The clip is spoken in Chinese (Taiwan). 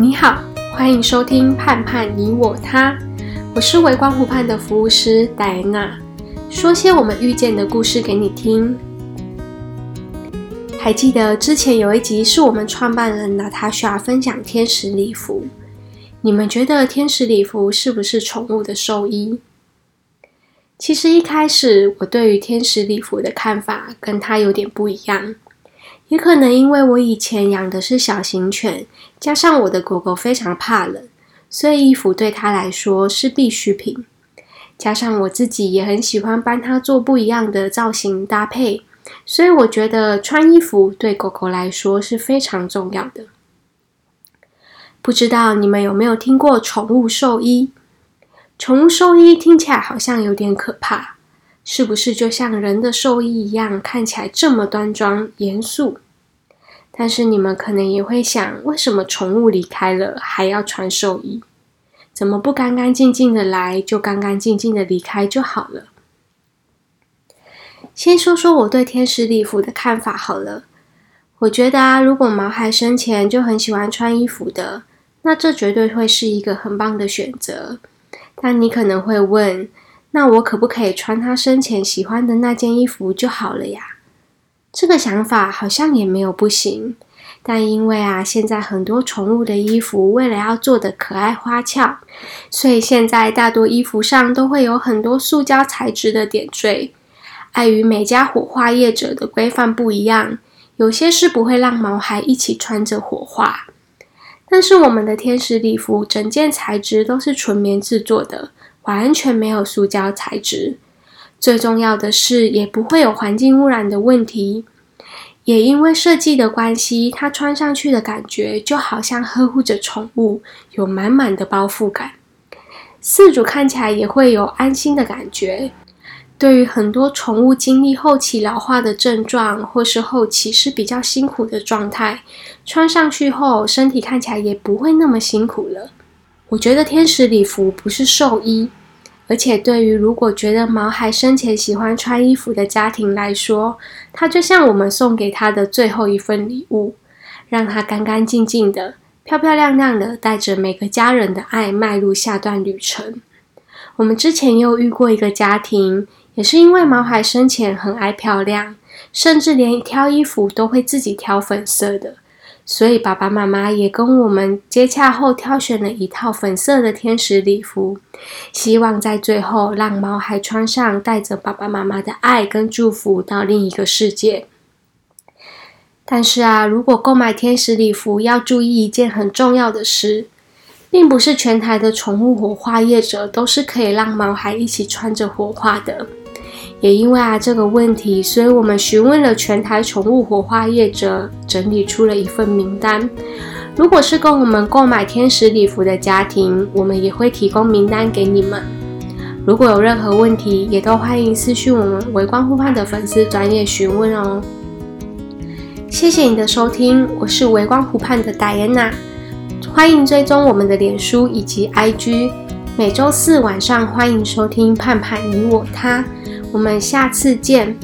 你好，歡迎收聽《盼盼你我他》，我是微光湖盼的服務師戴安娜，說些我們遇見的故事給你聽。還記得之前有一集是我們創辦人娜塔莎分享天使禮服，你們覺得天使禮服是不是寵物的壽衣？其實一開始我對於天使禮服的看法跟他有點不一樣。也可能因為我以前養的是小型犬，加上我的狗狗非常怕冷，所以衣服對它來說是必需品。加上我自己也很喜歡幫它做不一樣的造型搭配，所以我覺得穿衣服對狗狗來說是非常重要的。不知道你們有沒有聽過寵物壽衣？寵物壽衣聽起來好像有點可怕，是不是就像人的壽衣一樣，看起來這麼端莊嚴肅？但是你們可能也會想，為什麼寵物離開了還要穿壽衣？怎麼不乾乾淨淨的來，就乾乾淨淨的離開就好了？先說說我對天使禮服的看法好了。我覺得啊，如果毛孩生前就很喜歡穿衣服的，那這絕對會是一個很棒的選擇。但你可能會問，那我可不可以穿他生前喜歡的那件衣服就好了呀？這個想法好像也沒有不行，但因為啊，現在很多寵物的衣服為了要做的可愛花俏，所以現在大多衣服上都會有很多塑膠材質的點綴。礙於每家火化業者的規範不一樣，有些是不會讓毛孩一起穿着火化。但是我們的天使禮服，整件材質都是純棉制作的，完全沒有塑膠材質。最重要的是，也不會有環境污染的問題。也因為設計的關係，它穿上去的感覺就好像呵護着寵物，有滿滿的包覆感。飼主看起來也會有安心的感覺。對於很多寵物經歷後期老化的症狀，或是後期是比較辛苦的狀態，穿上去後身體看起來也不會那麼辛苦了。我覺得天使禮服不是壽衣。而且，對於如果覺得毛孩生前喜歡穿衣服的家庭來說，它就像我們送給他的最後一份禮物，讓它乾乾淨淨的、漂漂亮亮的，帶着每個家人的愛，邁入下段旅程。我們之前又遇過一個家庭，也是因為毛孩生前很愛漂亮，甚至連挑衣服都會自己挑粉色的。所以爸爸媽媽也跟我們接洽後，挑選了一套粉色的天使禮服，希望在最後讓毛孩穿上，帶着爸爸媽媽的愛跟祝福到另一個世界。但是啊，如果購買天使禮服，要注意一件很重要的事，並不是全台的寵物火化業者都是可以讓毛孩一起穿着火化的。也因為啊這個問題，所以我們詢問了全台寵物火化業者，整理出了一份名單。如果是跟我們購買天使禮服的家庭，我們也會提供名單給你們。如果有任何問題，也都歡迎私訊我們微光湖盼的粉絲專頁詢問哦。謝謝你的收聽，我是微光湖盼的戴安娜，歡迎追蹤我們的臉書以及 IG。每周四晚上歡迎收聽盼盼你我他。我們下次見。